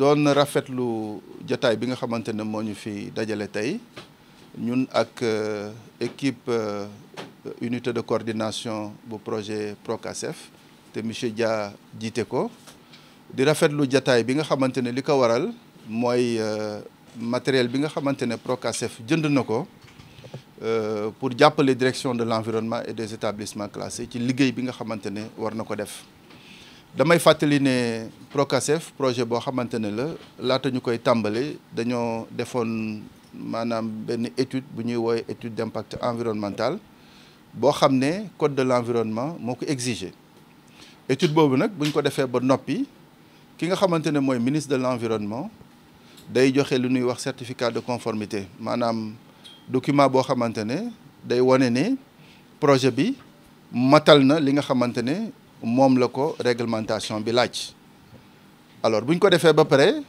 doon rafetlu jataay bi nga xamante ne moo ñu fi dajale tey ñun ak euh, équipe euh, unité de coordination bu projet PROCACEF te monsieur Dia jiite ko di rafetlu jataay bi nga xamante ne li ko waral mooy euh, matériel bi nga xamante ne PROCACEF jënd na ko Euh, pour jàppale direction de l'environnement et des établissements classés ci liggéey bi nga xamante ne war na ko def damay fàttali ne Procasef projet boo xamante ne la laata ñu koy tàmbale dañoo defoon maanaam benn étude bu ñuy woowe étude d'impact environnemental boo xam ne code de l'environnement moo ko exiger étude boobu nag bu ko defee ba noppi ki nga xamante ne mooy ministre de l'environnement day joxe lu ñuy wax certificat de conformité maanaam document boo xamante ne day wane ne projet bi matal na li nga xamante ne moom la ko réglementation bi laaj alors bu ñu ko defee ba pare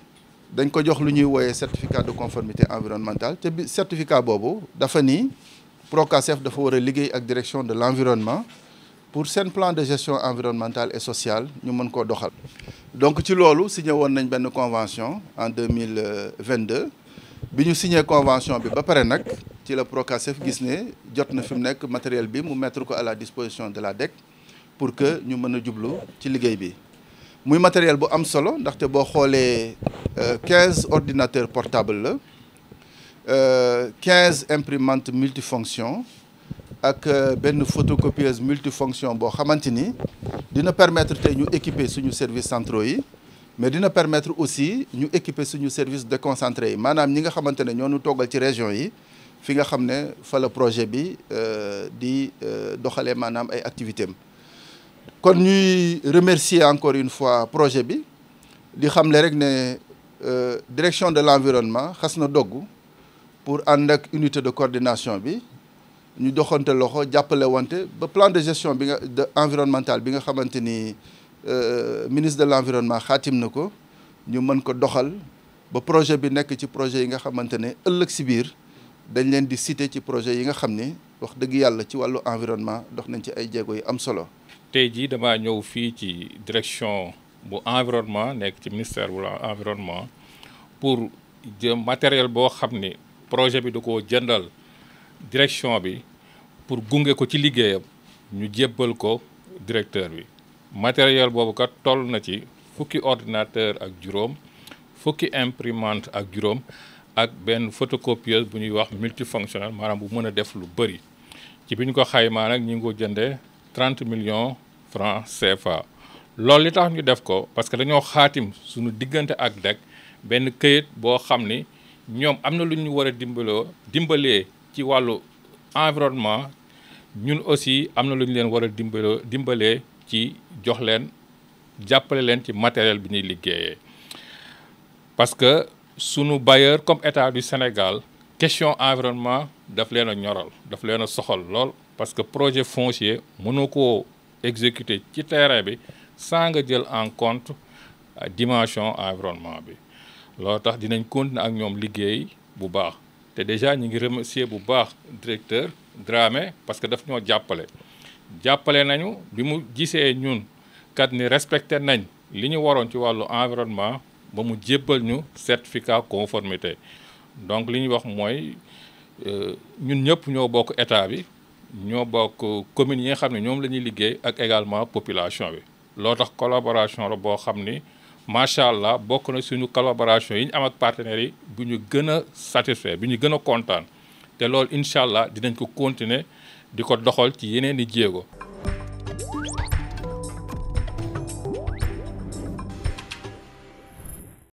dañ ko jox lu ñuy wooyee certificat de conformité environnementale te bi certificat boobu dafa ni PROCASEF dafa war liggéey ak direction de l'environnement pour seen plan de gestion environnementale et sociale ñu mën koo doxal donc ci loolu signé woon nañ benn convention en 2022 bi ñu signé convention bi ba pare nag ci la Procasef gis ne jot na fi mu nekk matériel bi mu mettre ko à la disposition de la DEC pour que ñu mën a jublu ci liggéey bi muy matériel bu am solo ndaxte boo xoolee euh, quinze ordinateurs portables la euh, quinze imprimantes multifonction ak euh, benn photocopieuse multifonction boo xamante ni dina permettre tey ñu équiper suñu service centraux yi mais dina permetre aussi ñu équiper suñu de déconcentrés yi maanaam ñi nga xamante ne ñoo ñu toggal ci région yi fi nga xam ne fa la projet bi euh, di euh, doxalee maanaam ay activités am kon ñuy remercier encore une fois projet bi di le rek ne euh, direction de l'environnement xas na dogg pour ànd ak unité de coordination bi ñu doxante loxo jàppale wante ba plan de gestion bi nga de environnemental bi nga xamante ni ministre de l'environnement xaatim na ko ñu mën ko doxal ba projet bi nekk ci projet yi nga xamante ne ëllëg si biir dañ leen di citer ci projet yi nga xam ni wax dëgg yàlla ci wàllu environnement dox nañ ci ay jéego yu am solo. tey jii dama ñëw fii ci direction bu environnement nekk ci ministère bu environnement pour jëm matériel boo xam ni projet bi du ko jëndal direction bi pour gunge ko ci liggéeyam ñu jébbal ko directeur bi. matériel boobu kat toll na ci fukki ordinateur ak juróom fukki imprimante ak juróom. ak benn photocopieuse bu ñuy wax multifonctionnel maanaam bu mën a def lu bëri ci bi ko xaymaa nag ñu ngi ko jëndee trente millions francs CFA. loolu li tax ñu def ko parce que dañoo xaatim suñu diggante ak DEC benn këyit boo xam ni ñoom am na lu ñu war a dimbaloo dimbalee ci wàllu environnement ñun aussi am na lu ñu leen war a dimbaloo dimbalee ci jox leen jàppale leen ci matériel bi ñuy liggéeyee sunu bailleur comme état du Sénégal question environnement daf leen a ñoral daf leen a soxal lool parce que projet foncier mënu koo exécuter ci terrain bi saa nga jël en compte euh, dimension environnement bi loo tax dinañ continuer ak ñoom liggéey bu baax te déjà ñu ngi remercier bu baax directeur Dramé parce que daf ñoo jàppale jàppale nañu bi mu gisee ñun kat ni respecté nañ li ñu waroon ci wàllu environnement ba mu jébbal ñu certificat conformité donc li ñuy wax mooy euh, ñun ñëpp ñoo bokk état bi ñoo bokk communes yi nga xam ne ñoom la ñuy liggéey ak également population bi loo tax collaboration la boo xam ni macha allah bokk na suñu collaboration yi ñu am ak partenaires yi bu ñu gën a satisfait bu ñu gën a kontaan te loolu incha allah dinañ ko continuer di ko doxal ci yeneen i jéego.